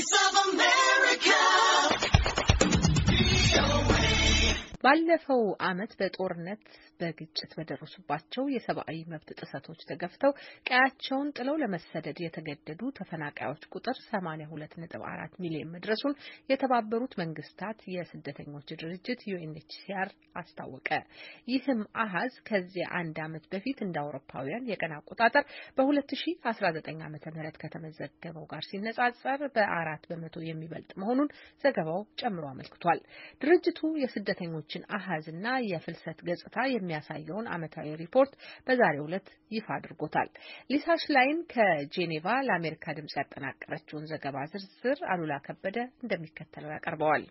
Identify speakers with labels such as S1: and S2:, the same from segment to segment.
S1: voice of
S2: ባለፈው ዓመት በጦርነት በግጭት በደረሱባቸው የሰብአዊ መብት ጥሰቶች ተገፍተው ቀያቸውን ጥለው ለመሰደድ የተገደዱ ተፈናቃዮች ቁጥር 82.4 ሚሊዮን መድረሱን የተባበሩት መንግስታት የስደተኞች ድርጅት ዩኤንኤችሲአር አስታወቀ። ይህም አሃዝ ከዚያ አንድ ዓመት በፊት እንደ አውሮፓውያን የቀን አቆጣጠር በ2019 ዓ.ም ከተመዘገበው ጋር ሲነጻጸር በአራት በመቶ የሚበልጥ መሆኑን ዘገባው ጨምሮ አመልክቷል። ድርጅቱ የስደተኞች የሟቾችን አሃዝና የፍልሰት ገጽታ የሚያሳየውን ዓመታዊ ሪፖርት በዛሬው ዕለት ይፋ አድርጎታል። ሊሳ ሽላይን ከጄኔቫ ለአሜሪካ ድምጽ ያጠናቀረችውን ዘገባ ዝርዝር አሉላ ከበደ እንደሚከተለው ያቀርበዋል።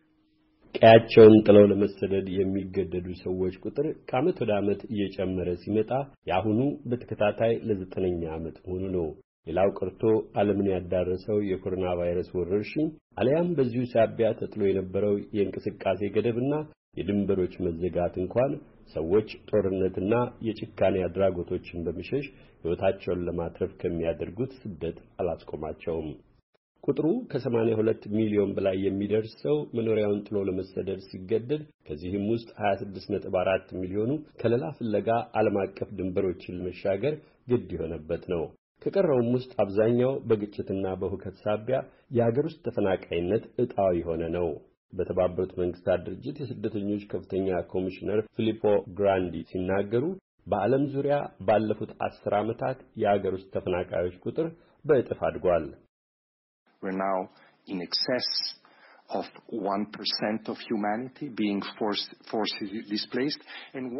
S3: ቀያቸውን ጥለው ለመሰደድ የሚገደዱ ሰዎች ቁጥር ከዓመት ወደ ዓመት እየጨመረ ሲመጣ የአሁኑ በተከታታይ ለዘጠነኛ ዓመት መሆኑ ነው። ሌላው ቀርቶ ዓለምን ያዳረሰው የኮሮና ቫይረስ ወረርሽኝ አሊያም በዚሁ ሳቢያ ተጥሎ የነበረው የእንቅስቃሴ ገደብና የድንበሮች መዘጋት እንኳን ሰዎች ጦርነትና የጭካኔ አድራጎቶችን በመሸሽ ሕይወታቸውን ለማትረፍ ከሚያደርጉት ስደት አላስቆማቸውም። ቁጥሩ ከ82 ሚሊዮን በላይ የሚደርስ ሰው መኖሪያውን ጥሎ ለመሰደድ ሲገደድ ከዚህም ውስጥ 26.4 ሚሊዮኑ ከለላ ፍለጋ ዓለም አቀፍ ድንበሮችን ለመሻገር ግድ የሆነበት ነው። ከቀረውም ውስጥ አብዛኛው በግጭትና በሁከት ሳቢያ የአገር ውስጥ ተፈናቃይነት ዕጣው የሆነ ነው። በተባበሩት መንግስታት ድርጅት የስደተኞች ከፍተኛ ኮሚሽነር ፊሊፖ ግራንዲ ሲናገሩ በዓለም ዙሪያ ባለፉት አስር ዓመታት የአገር ውስጥ ተፈናቃዮች ቁጥር በእጥፍ አድጓል።
S1: of 1% of humanity being displaced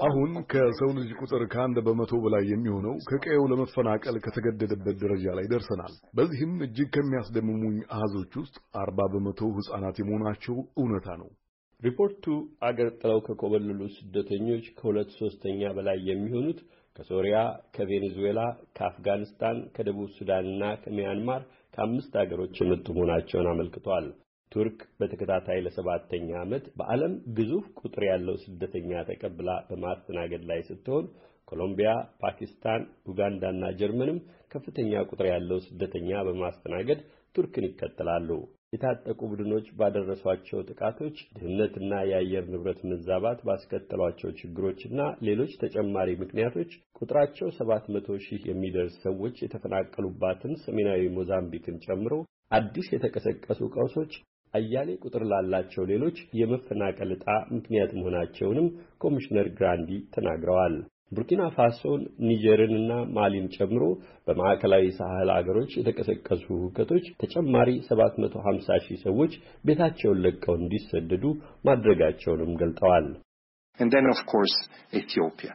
S1: አሁን ከሰው ልጅ ቁጥር ከአንድ በመቶ በላይ የሚሆነው ከቀየው ለመፈናቀል ከተገደደበት ደረጃ ላይ ደርሰናል። በዚህም እጅግ ከሚያስደምሙኝ አሃዞች ውስጥ አርባ በመቶ ሕፃናት የመሆናቸው እውነታ ነው። ሪፖርቱ አገር
S3: ጥለው ከኮበለሉ ስደተኞች ከሁለት ሶስተኛ በላይ የሚሆኑት ከሶሪያ፣ ከቬኔዙዌላ፣ ከአፍጋኒስታን፣ ከደቡብ ሱዳንና ከሚያንማር ከአምስት አገሮች የመጡ መሆናቸውን አመልክቷል። ቱርክ በተከታታይ ለሰባተኛ ዓመት በዓለም ግዙፍ ቁጥር ያለው ስደተኛ ተቀብላ በማስተናገድ ላይ ስትሆን ኮሎምቢያ፣ ፓኪስታን፣ ኡጋንዳና ጀርመንም ከፍተኛ ቁጥር ያለው ስደተኛ በማስተናገድ ቱርክን ይከተላሉ። የታጠቁ ቡድኖች ባደረሷቸው ጥቃቶች፣ ድህነትና የአየር ንብረት መዛባት ባስከተሏቸው ችግሮችና ሌሎች ተጨማሪ ምክንያቶች ቁጥራቸው ሰባት መቶ ሺህ የሚደርስ ሰዎች የተፈናቀሉባትን ሰሜናዊ ሞዛምቢክን ጨምሮ አዲስ የተቀሰቀሱ ቀውሶች አያሌ ቁጥር ላላቸው ሌሎች የመፈናቀል ዕጣ ምክንያት መሆናቸውንም ኮሚሽነር ግራንዲ ተናግረዋል። ቡርኪና ፋሶን፣ ኒጀርንና ማሊን ጨምሮ በማዕከላዊ ሳህል አገሮች የተቀሰቀሱ ሁከቶች ተጨማሪ 750 ሺህ ሰዎች ቤታቸውን ለቀው እንዲሰደዱ ማድረጋቸውንም ገልጠዋል። And then of course Ethiopia.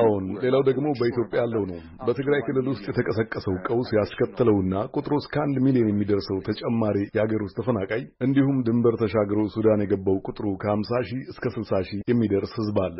S1: አዎን፣ ሌላው ደግሞ በኢትዮጵያ ያለው ነው። በትግራይ ክልል ውስጥ የተቀሰቀሰው ቀውስ ያስከተለውና ቁጥሩ እስከ አንድ ሚሊዮን የሚደርሰው ተጨማሪ የአገር ውስጥ ተፈናቃይ እንዲሁም ድንበር ተሻግሮ ሱዳን የገባው ቁጥሩ ከ50 ሺህ እስከ 60 ሺህ የሚደርስ ህዝብ አለ።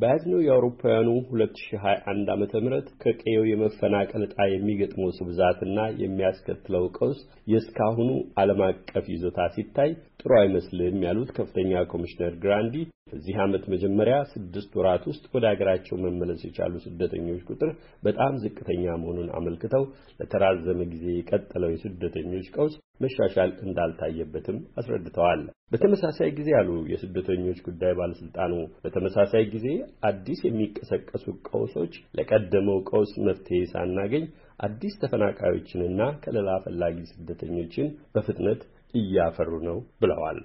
S3: በያዝነው የአውሮፓውያኑ 2021 ዓመተ ምህረት ከቀየው የመፈናቀል ዕጣ የሚገጥመው ስብዛትና ብዛትና የሚያስከትለው ቀውስ የእስካሁኑ ዓለም አቀፍ ይዞታ ሲታይ ጥሩ አይመስልም ያሉት ከፍተኛ ኮሚሽነር ግራንዲ በዚህ ዓመት መጀመሪያ ስድስት ወራት ውስጥ ወደ አገራቸው መመለስ የቻሉ ስደተኞች ቁጥር በጣም ዝቅተኛ መሆኑን አመልክተው ለተራዘመ ጊዜ የቀጠለው የስደተኞች ቀውስ መሻሻል እንዳልታየበትም አስረድተዋል። በተመሳሳይ ጊዜ አሉ የስደተኞች ጉዳይ ባለስልጣኑ በተመሳሳይ ጊዜ አዲስ የሚቀሰቀሱ ቀውሶች ለቀደመው ቀውስ መፍትሄ ሳናገኝ አዲስ ተፈናቃዮችንና
S1: ከለላ ፈላጊ ስደተኞችን በፍጥነት እያፈሩ ነው ብለዋል።